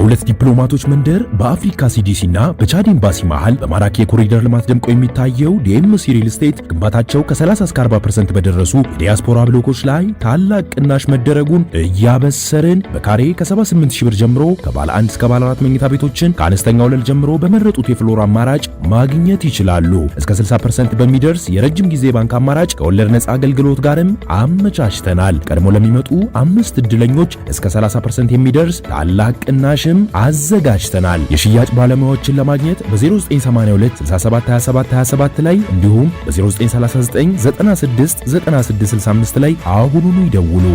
በሁለት ዲፕሎማቶች መንደር በአፍሪካ ሲዲሲ እና በቻድ ኤምባሲ መሃል በማራኪ የኮሪደር ልማት ደምቆ የሚታየው ዲኤምሲ ሪል ስቴት ግንባታቸው ከ30 እስከ 40% በደረሱ የዲያስፖራ ብሎኮች ላይ ታላቅ ቅናሽ መደረጉን እያበሰርን በካሬ ከ78000 ብር ጀምሮ ከባለ አንድ እስከ ባለ አራት መኝታ ቤቶችን ከአነስተኛ ወለል ጀምሮ በመረጡት የፍሎር አማራጭ ማግኘት ይችላሉ። እስከ 60% በሚደርስ የረጅም ጊዜ ባንክ አማራጭ ከወለድ ነፃ አገልግሎት ጋርም አመቻችተናል። ቀድሞ ለሚመጡ አምስት እድለኞች እስከ 30% የሚደርስ ታላቅ ቅናሽ ሽልማቶችም አዘጋጅተናል። የሽያጭ ባለሙያዎችን ለማግኘት በ0982972727 ላይ እንዲሁም በ0939969665 ላይ አሁኑኑ ይደውሉ።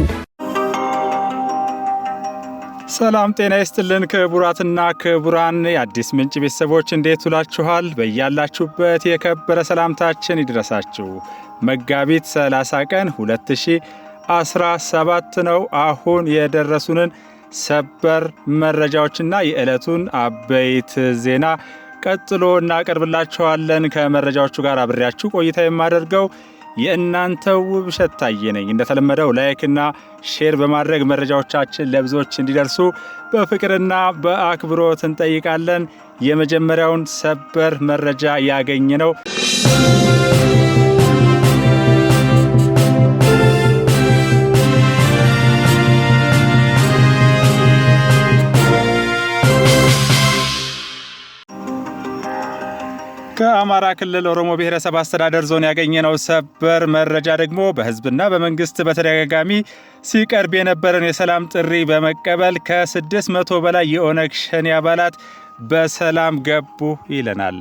ሰላም ጤና ይስጥልን። ክቡራትና ክቡራን የአዲስ ምንጭ ቤተሰቦች እንዴት ውላችኋል? በያላችሁበት የከበረ ሰላምታችን ይድረሳችሁ። መጋቢት 30 ቀን 2017 ነው። አሁን የደረሱንን ሰበር መረጃዎችና የዕለቱን አበይት ዜና ቀጥሎ እናቀርብላችኋለን። ከመረጃዎቹ ጋር አብሬያችሁ ቆይታ የማደርገው የእናንተው ውብሸት ታየ ነኝ። እንደተለመደው ላይክና ሼር በማድረግ መረጃዎቻችን ለብዙዎች እንዲደርሱ በፍቅርና በአክብሮት እንጠይቃለን። የመጀመሪያውን ሰበር መረጃ ያገኘ ነው። ከአማራ ክልል ኦሮሞ ብሔረሰብ አስተዳደር ዞን ያገኘነው ሰበር መረጃ ደግሞ በህዝብና በመንግስት በተደጋጋሚ ሲቀርብ የነበረን የሰላም ጥሪ በመቀበል ከ600 በላይ የኦነግ ሸኔ አባላት በሰላም ገቡ ይለናል።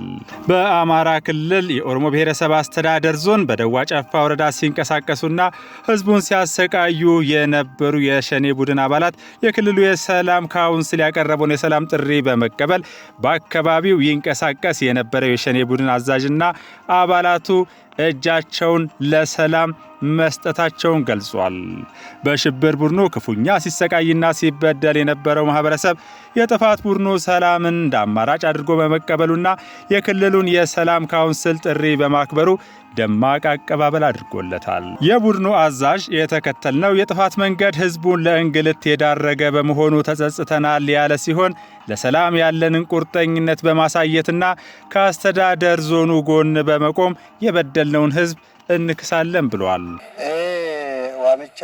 በአማራ ክልል የኦሮሞ ብሔረሰብ አስተዳደር ዞን በደዋ ጨፋ ወረዳ ሲንቀሳቀሱና ህዝቡን ሲያሰቃዩ የነበሩ የሸኔ ቡድን አባላት የክልሉ የሰላም ካውንስል ያቀረበውን የሰላም ጥሪ በመቀበል በአካባቢው ይንቀሳቀስ የነበረው የሸኔ ቡድን አዛዥና አባላቱ እጃቸውን ለሰላም መስጠታቸውን ገልጿል። በሽብር ቡድኑ ክፉኛ ሲሰቃይና ሲበደል የነበረው ማህበረሰብ የጥፋት ቡድኑ ሰላምን እንደ አማራጭ አድርጎ በመቀበሉና የክልሉን የሰላም ካውንስል ጥሪ በማክበሩ ደማቅ አቀባበል አድርጎለታል። የቡድኑ አዛዥ የተከተልነው የጥፋት መንገድ ህዝቡን ለእንግልት የዳረገ በመሆኑ ተጸጽተናል ያለ ሲሆን ለሰላም ያለንን ቁርጠኝነት በማሳየትና ከአስተዳደር ዞኑ ጎን በመቆም የበደልነውን ህዝብ እንክሳለን ብሏል። ዋምቻ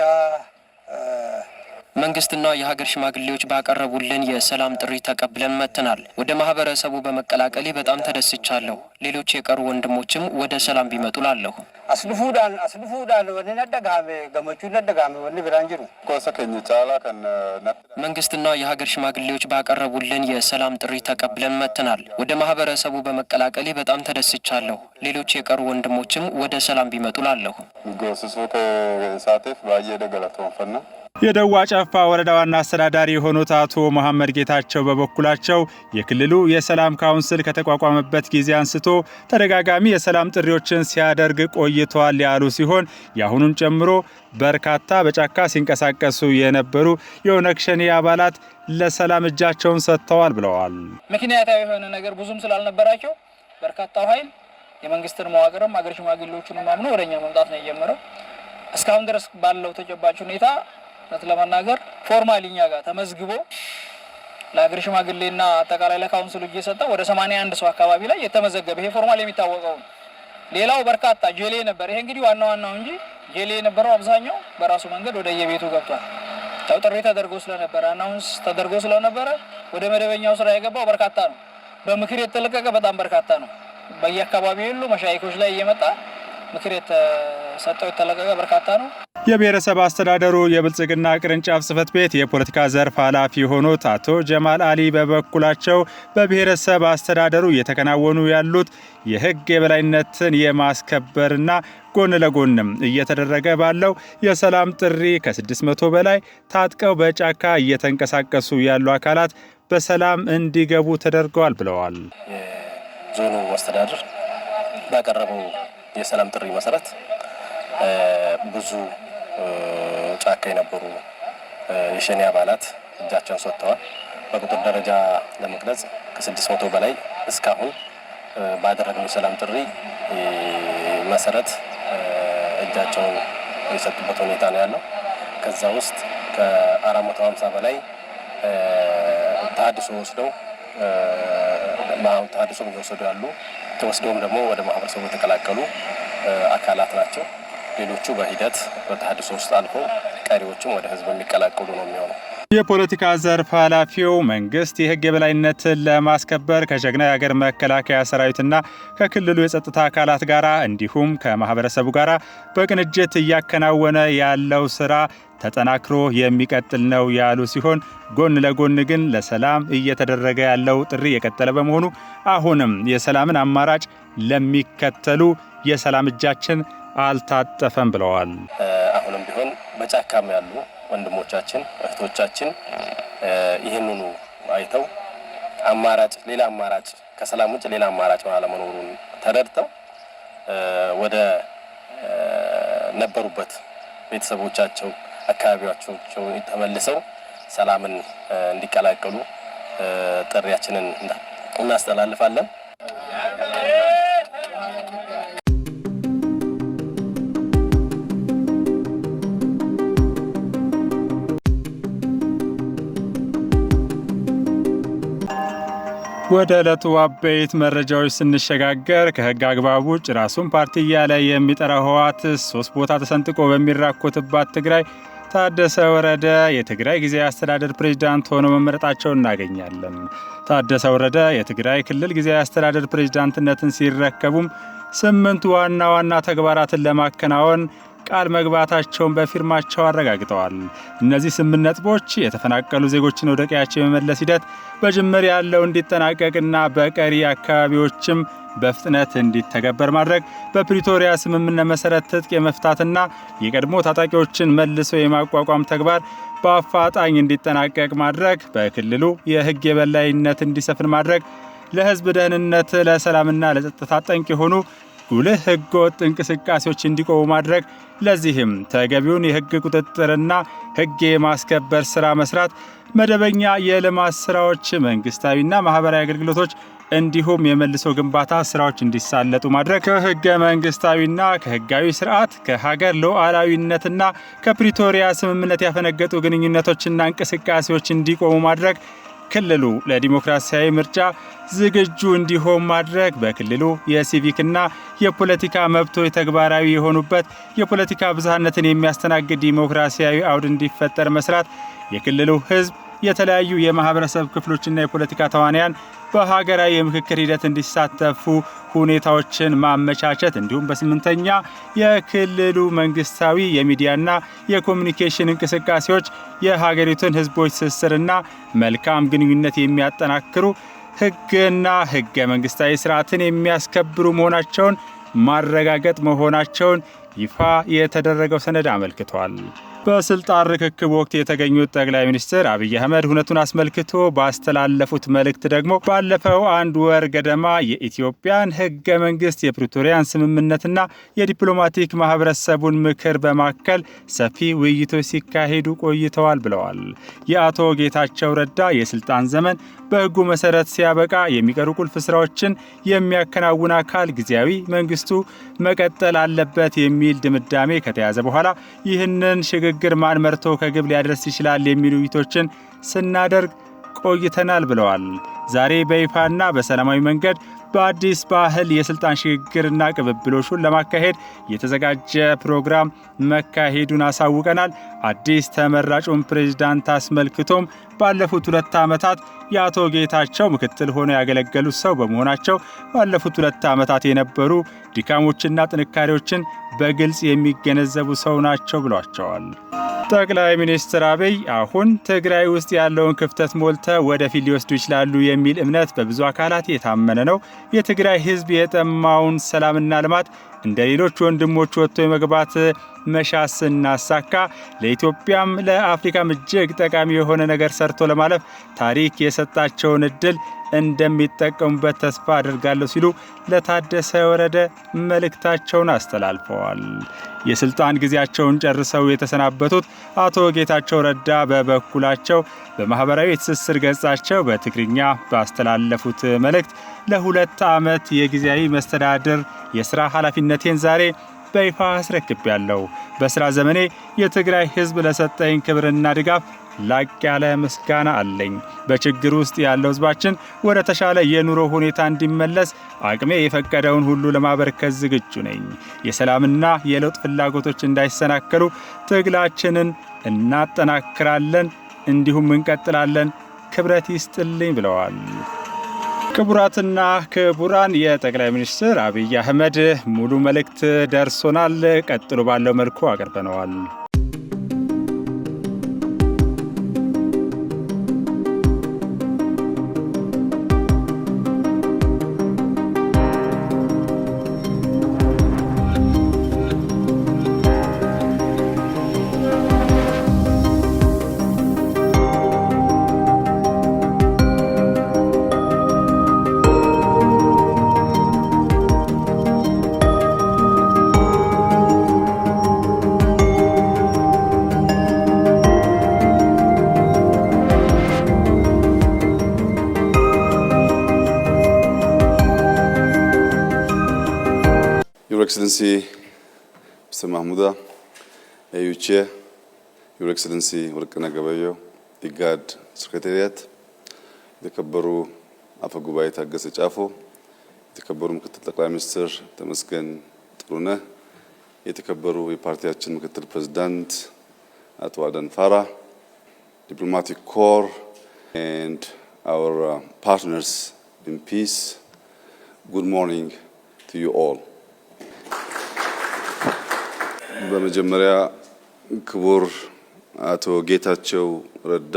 መንግስትና የሀገር ሽማግሌዎች ባቀረቡልን የሰላም ጥሪ ተቀብለን መጥተናል። ወደ ማህበረሰቡ በመቀላቀሌ በጣም ተደስቻለሁ። ሌሎች የቀሩ ወንድሞችም ወደ ሰላም ቢመጡ ላለሁ አስልፉዳን አስልፉዳን ወኒ ነደጋሜ ገመቹ ነደጋሜ ወኒ ጅሩ ጫላ ከነ መንግስትና የሀገር ሽማግሌዎች ባቀረቡልን የሰላም ጥሪ ተቀብለን መጥተናል። ወደ ማህበረሰቡ በመቀላቀሌ በጣም ተደስቻለሁ። ሌሎች የቀሩ ወንድሞችም ወደ ሰላም ቢመጡ ላለሁ ጎስሶ ከሳቴፍ ባየ የደዋ ጨፋ ወረዳ ዋና አስተዳዳሪ የሆኑት አቶ መሐመድ ጌታቸው በበኩላቸው የክልሉ የሰላም ካውንስል ከተቋቋመበት ጊዜ አንስቶ ተደጋጋሚ የሰላም ጥሪዎችን ሲያደርግ ቆይቷል ያሉ ሲሆን የአሁኑን ጨምሮ በርካታ በጫካ ሲንቀሳቀሱ የነበሩ የኦነግ ሸኔ አባላት ለሰላም እጃቸውን ሰጥተዋል ብለዋል። ምክንያታዊ የሆነ ነገር ብዙም ስላልነበራቸው በርካታው ኃይል የመንግስትን መዋቅርም አገር ሽማግሌዎቹን ማምኖ ወደኛ መምጣት ነው የጀመረው። እስካሁን ድረስ ባለው ተጨባጭ ሁኔታ እውነት ለመናገር ፎርማሊ እኛ ጋር ተመዝግቦ ለሀገር ሽማግሌና አጠቃላይ ለካውንስሉ እየሰጠ ወደ አንድ ሰው አካባቢ ላይ የተመዘገበ ይሄ ፎርማል የሚታወቀው ነው። ሌላው በርካታ ጄሌ ነበር። ይሄ እንግዲህ ዋና ዋናው እንጂ ጄሌ የነበረው አብዛኛው በራሱ መንገድ ወደ የቤቱ ገብቷል። ያው ጥሪ ተደርጎ ስለነበረ አናውንስ ተደርጎ ስለነበረ ወደ መደበኛው ስራ የገባው በርካታ ነው። በምክር የተለቀቀ በጣም በርካታ ነው። በየአካባቢው ሁሉ መሻይኮች ላይ እየመጣ ምክር የተሰጠው የተለቀቀ በርካታ ነው። የብሔረሰብ አስተዳደሩ የብልጽግና ቅርንጫፍ ጽህፈት ቤት የፖለቲካ ዘርፍ ኃላፊ የሆኑት አቶ ጀማል አሊ በበኩላቸው በብሔረሰብ አስተዳደሩ እየተከናወኑ ያሉት የህግ የበላይነትን የማስከበርና ጎን ለጎንም እየተደረገ ባለው የሰላም ጥሪ ከ600 በላይ ታጥቀው በጫካ እየተንቀሳቀሱ ያሉ አካላት በሰላም እንዲገቡ ተደርገዋል ብለዋል። የዞኑ አስተዳደር ባቀረበው የሰላም ጥሪ መሰረት ብዙ ጫካ የነበሩ የሸኔ አባላት እጃቸውን ሰጥተዋል። በቁጥር ደረጃ ለመግለጽ ከስድስት መቶ በላይ እስካሁን ባደረግነው የሰላም ጥሪ መሰረት እጃቸውን የሰጡበት ሁኔታ ነው ያለው። ከዛ ውስጥ ከ450 በላይ ተሃድሶ ወስደው ተሃድሶም እየወሰዱ ያሉ ተወስደውም ደግሞ ወደ ማህበረሰቡ የተቀላቀሉ አካላት ናቸው። ሌሎቹ በሂደት በተሀድሶ ውስጥ አልፎ ቀሪዎቹም ወደ ህዝብ የሚቀላቀሉ ነው የሚሆነው። የፖለቲካ ዘርፍ ኃላፊው መንግስት የህግ የበላይነትን ለማስከበር ከጀግና የሀገር መከላከያ ሰራዊትና ከክልሉ የጸጥታ አካላት ጋር እንዲሁም ከማህበረሰቡ ጋር በቅንጅት እያከናወነ ያለው ስራ ተጠናክሮ የሚቀጥል ነው ያሉ ሲሆን ጎን ለጎን ግን ለሰላም እየተደረገ ያለው ጥሪ የቀጠለ በመሆኑ አሁንም የሰላምን አማራጭ ለሚከተሉ የሰላም እጃችን አልታጠፈም ብለዋል። አሁንም ቢሆን በጫካም ያሉ ወንድሞቻችን እህቶቻችን ይህንኑ አይተው አማራጭ ሌላ አማራጭ ከሰላም ውጭ ሌላ አማራጭ አለመኖሩን ተረድተው ወደ ነበሩበት ቤተሰቦቻቸው አካባቢያቸው ተመልሰው ሰላምን እንዲቀላቀሉ ጥሪያችንን እናስተላልፋለን። ወደ ዕለቱ አበይት መረጃዎች ስንሸጋገር ከህግ አግባብ ውጭ ራሱን ፓርቲ እያለ የሚጠራው ህወሓት ሶስት ቦታ ተሰንጥቆ በሚራኮትባት ትግራይ ታደሰ ወረደ የትግራይ ጊዜያዊ አስተዳደር ፕሬዝዳንት ሆኖ መመረጣቸው እናገኛለን። ታደሰ ወረደ የትግራይ ክልል ጊዜያዊ አስተዳደር ፕሬዝዳንትነትን ሲረከቡም ስምንት ዋና ዋና ተግባራትን ለማከናወን ቃል መግባታቸውን በፊርማቸው አረጋግጠዋል። እነዚህ ስምንት ነጥቦች የተፈናቀሉ ዜጎችን ወደ ቀያቸው የመመለስ ሂደት በጅምር ያለው እንዲጠናቀቅና በቀሪ አካባቢዎችም በፍጥነት እንዲተገበር ማድረግ፣ በፕሪቶሪያ ስምምነት መሠረት ትጥቅ የመፍታትና የቀድሞ ታጣቂዎችን መልሶ የማቋቋም ተግባር በአፋጣኝ እንዲጠናቀቅ ማድረግ፣ በክልሉ የሕግ የበላይነት እንዲሰፍን ማድረግ ለህዝብ ደህንነት፣ ለሰላምና ለጸጥታ ጠንቅ የሆኑ ጉልህ ህገወጥ እንቅስቃሴዎች እንዲቆሙ ማድረግ፣ ለዚህም ተገቢውን የህግ ቁጥጥርና ህግ የማስከበር ሥራ መስራት፣ መደበኛ የልማት ሥራዎች፣ መንግሥታዊና ማኅበራዊ አገልግሎቶች እንዲሁም የመልሶ ግንባታ ስራዎች እንዲሳለጡ ማድረግ ከህገ መንግስታዊና ከህጋዊ ስርዓት ከሀገር ሉዓላዊነትና ከፕሪቶሪያ ስምምነት ያፈነገጡ ግንኙነቶችና እንቅስቃሴዎች እንዲቆሙ ማድረግ ክልሉ ለዲሞክራሲያዊ ምርጫ ዝግጁ እንዲሆን ማድረግ፣ በክልሉ የሲቪክና የፖለቲካ መብቶች ተግባራዊ የሆኑበት የፖለቲካ ብዝሃነትን የሚያስተናግድ ዲሞክራሲያዊ አውድ እንዲፈጠር መስራት፣ የክልሉ ህዝብ የተለያዩ የማህበረሰብ ክፍሎችና የፖለቲካ ተዋንያን በሀገራዊ የምክክር ሂደት እንዲሳተፉ ሁኔታዎችን ማመቻቸት እንዲሁም በስምንተኛ የክልሉ መንግስታዊ የሚዲያና የኮሚኒኬሽን እንቅስቃሴዎች የሀገሪቱን ህዝቦች ትስስርና መልካም ግንኙነት የሚያጠናክሩ ህግና ህገ መንግስታዊ ስርዓትን የሚያስከብሩ መሆናቸውን ማረጋገጥ መሆናቸውን ይፋ የተደረገው ሰነድ አመልክቷል። በስልጣን ርክክብ ወቅት የተገኙት ጠቅላይ ሚኒስትር አብይ አህመድ ሁነቱን አስመልክቶ ባስተላለፉት መልእክት ደግሞ ባለፈው አንድ ወር ገደማ የኢትዮጵያን ህገ መንግስት የፕሪቶሪያን ስምምነትና የዲፕሎማቲክ ማህበረሰቡን ምክር በማከል ሰፊ ውይይቶች ሲካሄዱ ቆይተዋል ብለዋል። የአቶ ጌታቸው ረዳ የስልጣን ዘመን በህጉ መሰረት ሲያበቃ የሚቀሩ ቁልፍ ስራዎችን የሚያከናውን አካል ጊዜያዊ መንግስቱ መቀጠል አለበት የሚል ድምዳሜ ከተያዘ በኋላ ይህንን ሽግ ንግግር ማን መርቶ ከግብ ሊያደርስ ይችላል የሚሉ ውይይቶችን ስናደርግ ቆይተናል ብለዋል። ዛሬ በይፋና በሰላማዊ መንገድ በአዲስ ባህል የስልጣን ሽግግርና ቅብብሎሹን ለማካሄድ የተዘጋጀ ፕሮግራም መካሄዱን አሳውቀናል። አዲስ ተመራጩን ፕሬዝዳንት አስመልክቶም ባለፉት ሁለት ዓመታት የአቶ ጌታቸው ምክትል ሆነው ያገለገሉት ሰው በመሆናቸው ባለፉት ሁለት ዓመታት የነበሩ ድካሞችና ጥንካሬዎችን በግልጽ የሚገነዘቡ ሰው ናቸው ብሏቸዋል። ጠቅላይ ሚኒስትር አብይ አሁን ትግራይ ውስጥ ያለውን ክፍተት ሞልተ ወደፊት ሊወስዱ ይችላሉ የሚል እምነት በብዙ አካላት የታመነ ነው። የትግራይ ሕዝብ የጠማውን ሰላምና ልማት እንደ ሌሎች ወንድሞች ወጥቶ የመግባት መሻት ስናሳካ ለኢትዮጵያም ለአፍሪካም እጅግ ጠቃሚ የሆነ ነገር ሰርቶ ለማለፍ ታሪክ የሰጣቸውን እድል እንደሚጠቀሙበት ተስፋ አድርጋለሁ ሲሉ ለታደሰ ወረደ መልእክታቸውን አስተላልፈዋል። የስልጣን ጊዜያቸውን ጨርሰው የተሰናበቱት አቶ ጌታቸው ረዳ በበኩላቸው በማህበራዊ የትስስር ገጻቸው በትግርኛ ባስተላለፉት መልእክት ለሁለት ዓመት የጊዜያዊ መስተዳድር የሥራ ኃላፊነቴን ዛሬ በይፋ ያለው በስራ ዘመኔ የትግራይ ህዝብ ለሰጠኝ ክብርና ድጋፍ ላቅ ያለ ምስጋና አለኝ። በችግር ውስጥ ያለው ህዝባችን ወደ ተሻለ የኑሮ ሁኔታ እንዲመለስ አቅሜ የፈቀደውን ሁሉ ለማበርከት ዝግጁ ነኝ። የሰላምና የለውጥ ፍላጎቶች እንዳይሰናከሉ ትግላችንን እናጠናክራለን፣ እንዲሁም እንቀጥላለን። ክብረት ይስጥልኝ ብለዋል። ክቡራትና ክቡራን የጠቅላይ ሚኒስትር አብይ አህመድ ሙሉ መልእክት ደርሶናል። ቀጥሎ ባለው መልኩ አቅርበነዋል። Excellency, Mr. Mahmouda, AU Chair, Your Excellency, Mr. Gabayo, the Guard Secretariat, the Kabaru Afa Gubai Tagasich Afo, the Kabaru Mkatta Prime Minister, Tamaskan Truna, the Kabaru Party Achin Mkatta President, Atwadan Diplomatic Corps, and our uh, partners in peace. Good morning to you all. በመጀመሪያ ክቡር አቶ ጌታቸው ረዳ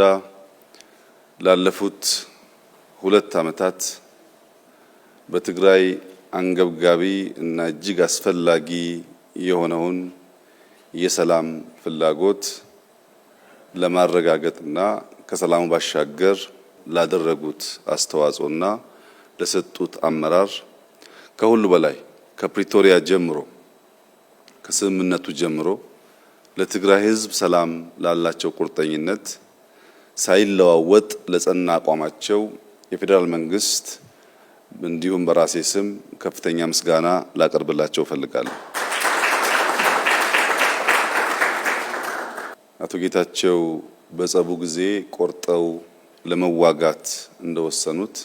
ላለፉት ሁለት ዓመታት በትግራይ አንገብጋቢ እና እጅግ አስፈላጊ የሆነውን የሰላም ፍላጎት ለማረጋገጥና ከሰላሙ ባሻገር ላደረጉት አስተዋጽኦና ለሰጡት አመራር ከሁሉ በላይ ከፕሪቶሪያ ጀምሮ ከስምምነቱ ጀምሮ ለትግራይ ህዝብ ሰላም ላላቸው ቁርጠኝነት ሳይለዋወጥ ለጸና አቋማቸው የፌዴራል መንግስት እንዲሁም በራሴ ስም ከፍተኛ ምስጋና ላቀርብላቸው እፈልጋለሁ። አቶ ጌታቸው በጸቡ ጊዜ ቆርጠው ለመዋጋት እንደወሰኑት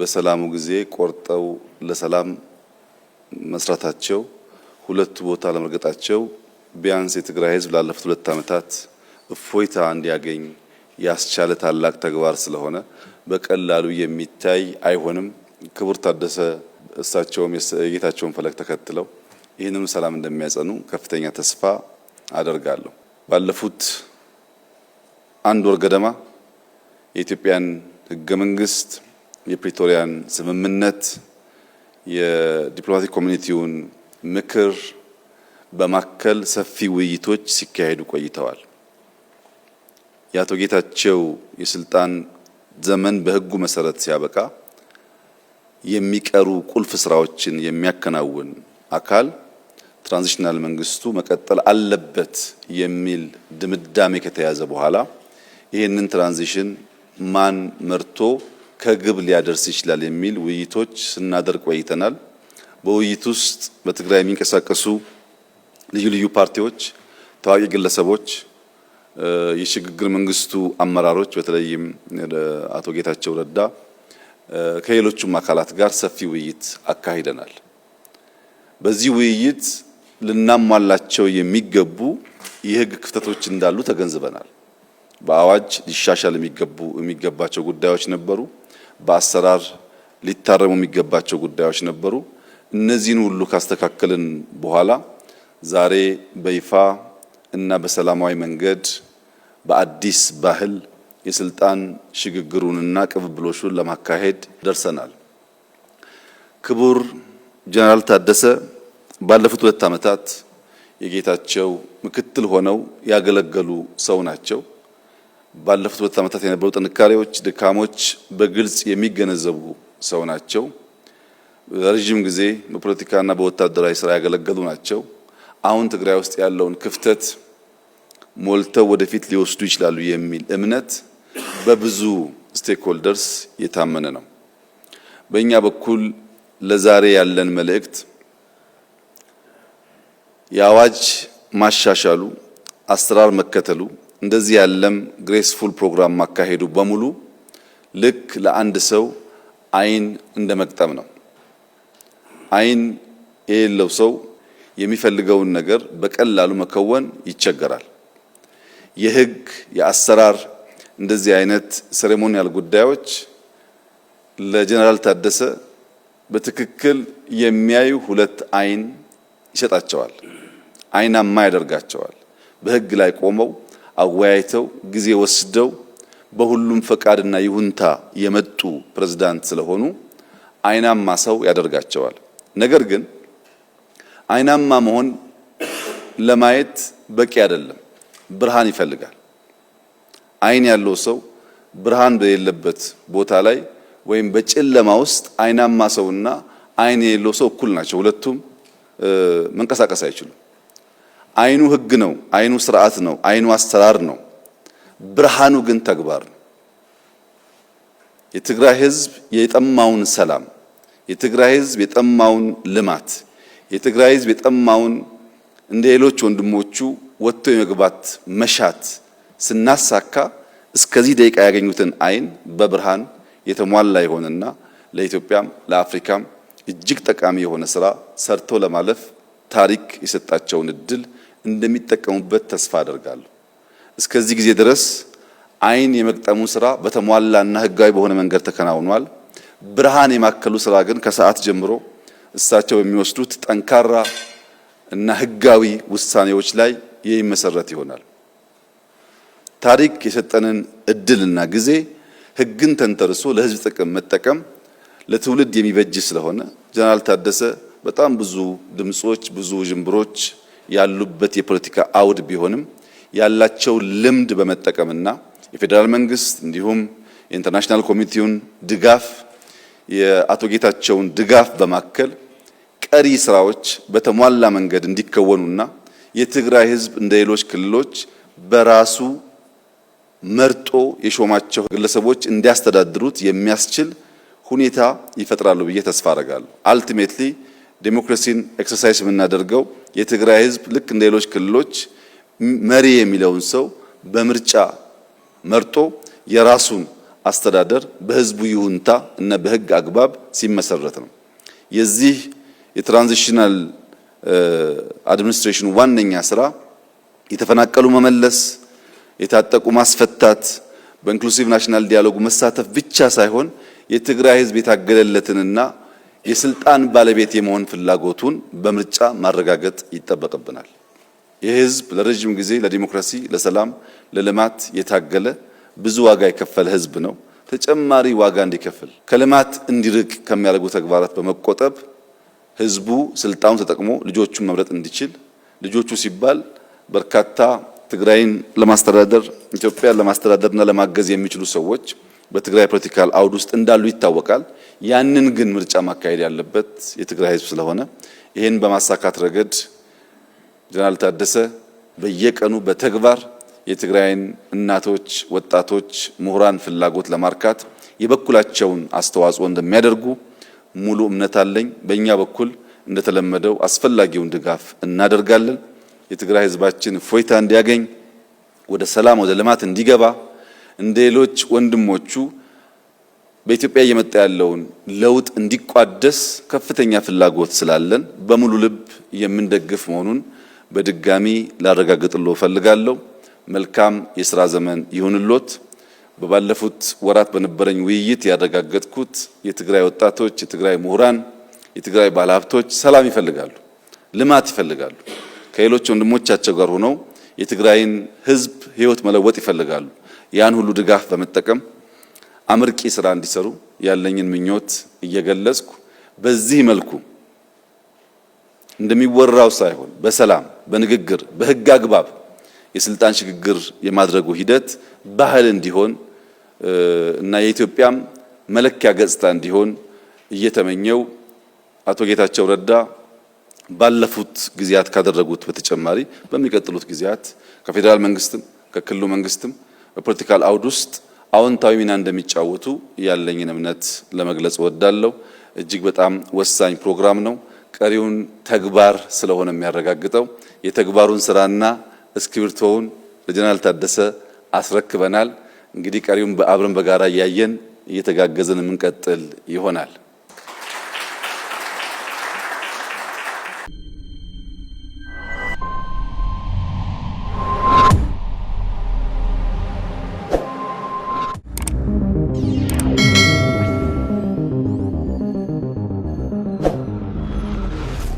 በሰላሙ ጊዜ ቆርጠው ለሰላም መስራታቸው ሁለቱ ቦታ ለመርገጣቸው ቢያንስ የትግራይ ህዝብ ላለፉት ሁለት ዓመታት እፎይታ እንዲያገኝ ያስቻለ ታላቅ ተግባር ስለሆነ በቀላሉ የሚታይ አይሆንም። ክቡር ታደሰ እሳቸውም የጌታቸውን ፈለግ ተከትለው ይህንም ሰላም እንደሚያጸኑ ከፍተኛ ተስፋ አደርጋለሁ። ባለፉት አንድ ወር ገደማ የኢትዮጵያን ህገ መንግስት፣ የፕሪቶሪያን ስምምነት፣ የዲፕሎማቲክ ኮሚኒቲውን ምክር በማከል ሰፊ ውይይቶች ሲካሄዱ ቆይተዋል። የአቶ ጌታቸው የስልጣን ዘመን በህጉ መሰረት ሲያበቃ የሚቀሩ ቁልፍ ስራዎችን የሚያከናውን አካል ትራንዚሽናል መንግስቱ መቀጠል አለበት የሚል ድምዳሜ ከተያዘ በኋላ ይህንን ትራንዚሽን ማን መርቶ ከግብ ሊያደርስ ይችላል የሚል ውይይቶች ስናደርግ ቆይተናል። በውይይት ውስጥ በትግራይ የሚንቀሳቀሱ ልዩ ልዩ ፓርቲዎች፣ ታዋቂ ግለሰቦች፣ የሽግግር መንግስቱ አመራሮች በተለይም አቶ ጌታቸው ረዳ ከሌሎቹም አካላት ጋር ሰፊ ውይይት አካሂደናል። በዚህ ውይይት ልናሟላቸው የሚገቡ የህግ ክፍተቶች እንዳሉ ተገንዝበናል። በአዋጅ ሊሻሻል የሚገቡ የሚገባቸው ጉዳዮች ነበሩ። በአሰራር ሊታረሙ የሚገባቸው ጉዳዮች ነበሩ። እነዚህን ሁሉ ካስተካከልን በኋላ ዛሬ በይፋ እና በሰላማዊ መንገድ በአዲስ ባህል የስልጣን ሽግግሩንና ቅብብሎሹን ለማካሄድ ደርሰናል። ክቡር ጀነራል ታደሰ ባለፉት ሁለት ዓመታት የጌታቸው ምክትል ሆነው ያገለገሉ ሰው ናቸው። ባለፉት ሁለት ዓመታት የነበሩ ጥንካሬዎች፣ ድካሞች በግልጽ የሚገነዘቡ ሰው ናቸው። በረጅም ጊዜ በፖለቲካና በወታደራዊ ስራ ያገለገሉ ናቸው። አሁን ትግራይ ውስጥ ያለውን ክፍተት ሞልተው ወደፊት ሊወስዱ ይችላሉ የሚል እምነት በብዙ ስቴክሆልደርስ የታመነ ነው። በእኛ በኩል ለዛሬ ያለን መልእክት የአዋጅ ማሻሻሉ፣ አሰራር መከተሉ፣ እንደዚህ ያለም ግሬስፉል ፕሮግራም ማካሄዱ በሙሉ ልክ ለአንድ ሰው አይን እንደ መቅጠም ነው። አይን የሌለው ሰው የሚፈልገውን ነገር በቀላሉ መከወን ይቸገራል። የህግ የአሰራር እንደዚህ አይነት ሴሬሞኒያል ጉዳዮች ለጀነራል ታደሰ በትክክል የሚያዩ ሁለት አይን ይሰጣቸዋል። አይናማ ያደርጋቸዋል። በህግ ላይ ቆመው አወያይተው ጊዜ ወስደው በሁሉም ፈቃድና ይሁንታ የመጡ ፕሬዝዳንት ስለሆኑ አይናማ ሰው ያደርጋቸዋል። ነገር ግን አይናማ መሆን ለማየት በቂ አይደለም። ብርሃን ይፈልጋል። አይን ያለው ሰው ብርሃን በሌለበት ቦታ ላይ ወይም በጨለማ ውስጥ አይናማ ሰውና አይን የሌለው ሰው እኩል ናቸው። ሁለቱም መንቀሳቀስ አይችሉም። አይኑ ህግ ነው። አይኑ ስርዓት ነው። አይኑ አሰራር ነው። ብርሃኑ ግን ተግባር ነው። የትግራይ ህዝብ የጠማውን ሰላም የትግራይ ህዝብ የጠማውን ልማት የትግራይ ህዝብ የጠማውን እንደ ሌሎች ወንድሞቹ ወጥቶ የመግባት መሻት ስናሳካ እስከዚህ ደቂቃ ያገኙትን አይን በብርሃን የተሟላ የሆነና ለኢትዮጵያም ለአፍሪካም እጅግ ጠቃሚ የሆነ ስራ ሰርቶ ለማለፍ ታሪክ የሰጣቸውን እድል እንደሚጠቀሙበት ተስፋ አደርጋለሁ። እስከዚህ ጊዜ ድረስ አይን የመቅጠሙ ስራ በተሟላና ህጋዊ በሆነ መንገድ ተከናውኗል። ብርሃን የማከሉ ስራ ግን ከሰዓት ጀምሮ እሳቸው የሚወስዱት ጠንካራ እና ህጋዊ ውሳኔዎች ላይ የሚመሰረት ይሆናል። ታሪክ የሰጠንን እድልና ጊዜ ህግን ተንተርሶ ለህዝብ ጥቅም መጠቀም ለትውልድ የሚበጅ ስለሆነ ጀነራል ታደሰ በጣም ብዙ ድምጾች፣ ብዙ ዥንብሮች ያሉበት የፖለቲካ አውድ ቢሆንም ያላቸው ልምድ በመጠቀምና የፌዴራል መንግስት እንዲሁም የኢንተርናሽናል ኮሚኒቲውን ድጋፍ የአቶ ጌታቸውን ድጋፍ በማከል ቀሪ ስራዎች በተሟላ መንገድ እንዲከወኑና የትግራይ ህዝብ እንደ ሌሎች ክልሎች በራሱ መርጦ የሾማቸው ግለሰቦች እንዲያስተዳድሩት የሚያስችል ሁኔታ ይፈጥራሉ ብዬ ተስፋ አረጋለሁ። አልቲሜትሊ ዴሞክራሲን ኤክሰርሳይዝ የምናደርገው የትግራይ ህዝብ ልክ እንደ ሌሎች ክልሎች መሪ የሚለውን ሰው በምርጫ መርጦ የራሱን አስተዳደር በህዝቡ ይሁንታ እና በህግ አግባብ ሲመሰረት ነው። የዚህ የትራንዚሽናል አድሚኒስትሬሽን ዋነኛ ስራ የተፈናቀሉ መመለስ፣ የታጠቁ ማስፈታት፣ በኢንክሉሲቭ ናሽናል ዲያሎግ መሳተፍ ብቻ ሳይሆን የትግራይ ህዝብ የታገለለትንና የስልጣን ባለቤት የመሆን ፍላጎቱን በምርጫ ማረጋገጥ ይጠበቅብናል። ይህ ህዝብ ለረጅም ጊዜ ለዲሞክራሲ፣ ለሰላም፣ ለልማት የታገለ ብዙ ዋጋ የከፈለ ህዝብ ነው። ተጨማሪ ዋጋ እንዲከፍል ከልማት እንዲርቅ ከሚያደርጉ ተግባራት በመቆጠብ ህዝቡ ስልጣኑን ተጠቅሞ ልጆቹን መምረጥ እንዲችል ልጆቹ ሲባል በርካታ ትግራይን ለማስተዳደር ኢትዮጵያን ለማስተዳደርና ለማገዝ የሚችሉ ሰዎች በትግራይ ፖለቲካል አውድ ውስጥ እንዳሉ ይታወቃል። ያንን ግን ምርጫ ማካሄድ ያለበት የትግራይ ህዝብ ስለሆነ ይህን በማሳካት ረገድ ጀነራል ታደሰ በየቀኑ በተግባር የትግራይን እናቶች፣ ወጣቶች፣ ምሁራን ፍላጎት ለማርካት የበኩላቸውን አስተዋጽኦ እንደሚያደርጉ ሙሉ እምነት አለኝ። በእኛ በኩል እንደተለመደው አስፈላጊውን ድጋፍ እናደርጋለን። የትግራይ ህዝባችን እፎይታ እንዲያገኝ ወደ ሰላም ወደ ልማት እንዲገባ እንደ ሌሎች ወንድሞቹ በኢትዮጵያ እየመጣ ያለውን ለውጥ እንዲቋደስ ከፍተኛ ፍላጎት ስላለን በሙሉ ልብ የምንደግፍ መሆኑን በድጋሚ ላረጋግጥልዎ እፈልጋለሁ። መልካም የስራ ዘመን ይሁንልዎት። በባለፉት ወራት በነበረኝ ውይይት ያረጋገጥኩት የትግራይ ወጣቶች፣ የትግራይ ምሁራን፣ የትግራይ ባለሀብቶች ሰላም ይፈልጋሉ፣ ልማት ይፈልጋሉ። ከሌሎች ወንድሞቻቸው ጋር ሆነው የትግራይን ህዝብ ህይወት መለወጥ ይፈልጋሉ። ያን ሁሉ ድጋፍ በመጠቀም አምርቂ ስራ እንዲሰሩ ያለኝን ምኞት እየገለጽኩ በዚህ መልኩ እንደሚወራው ሳይሆን በሰላም በንግግር በህግ አግባብ የስልጣን ሽግግር የማድረጉ ሂደት ባህል እንዲሆን እና የኢትዮጵያም መለኪያ ገጽታ እንዲሆን እየተመኘው አቶ ጌታቸው ረዳ ባለፉት ጊዜያት ካደረጉት በተጨማሪ በሚቀጥሉት ጊዜያት ከፌዴራል መንግስትም ከክልሉ መንግስትም በፖለቲካል አውድ ውስጥ አዎንታዊ ሚና እንደሚጫወቱ ያለኝን እምነት ለመግለጽ እወዳለሁ። እጅግ በጣም ወሳኝ ፕሮግራም ነው። ቀሪውን ተግባር ስለሆነ የሚያረጋግጠው የተግባሩን ስራና እስክሪብቶውን ለጀነራል ታደሰ አስረክበናል። እንግዲህ ቀሪውን በአብረን በጋራ እያየን እየተጋገዘን የምንቀጥል ይሆናል።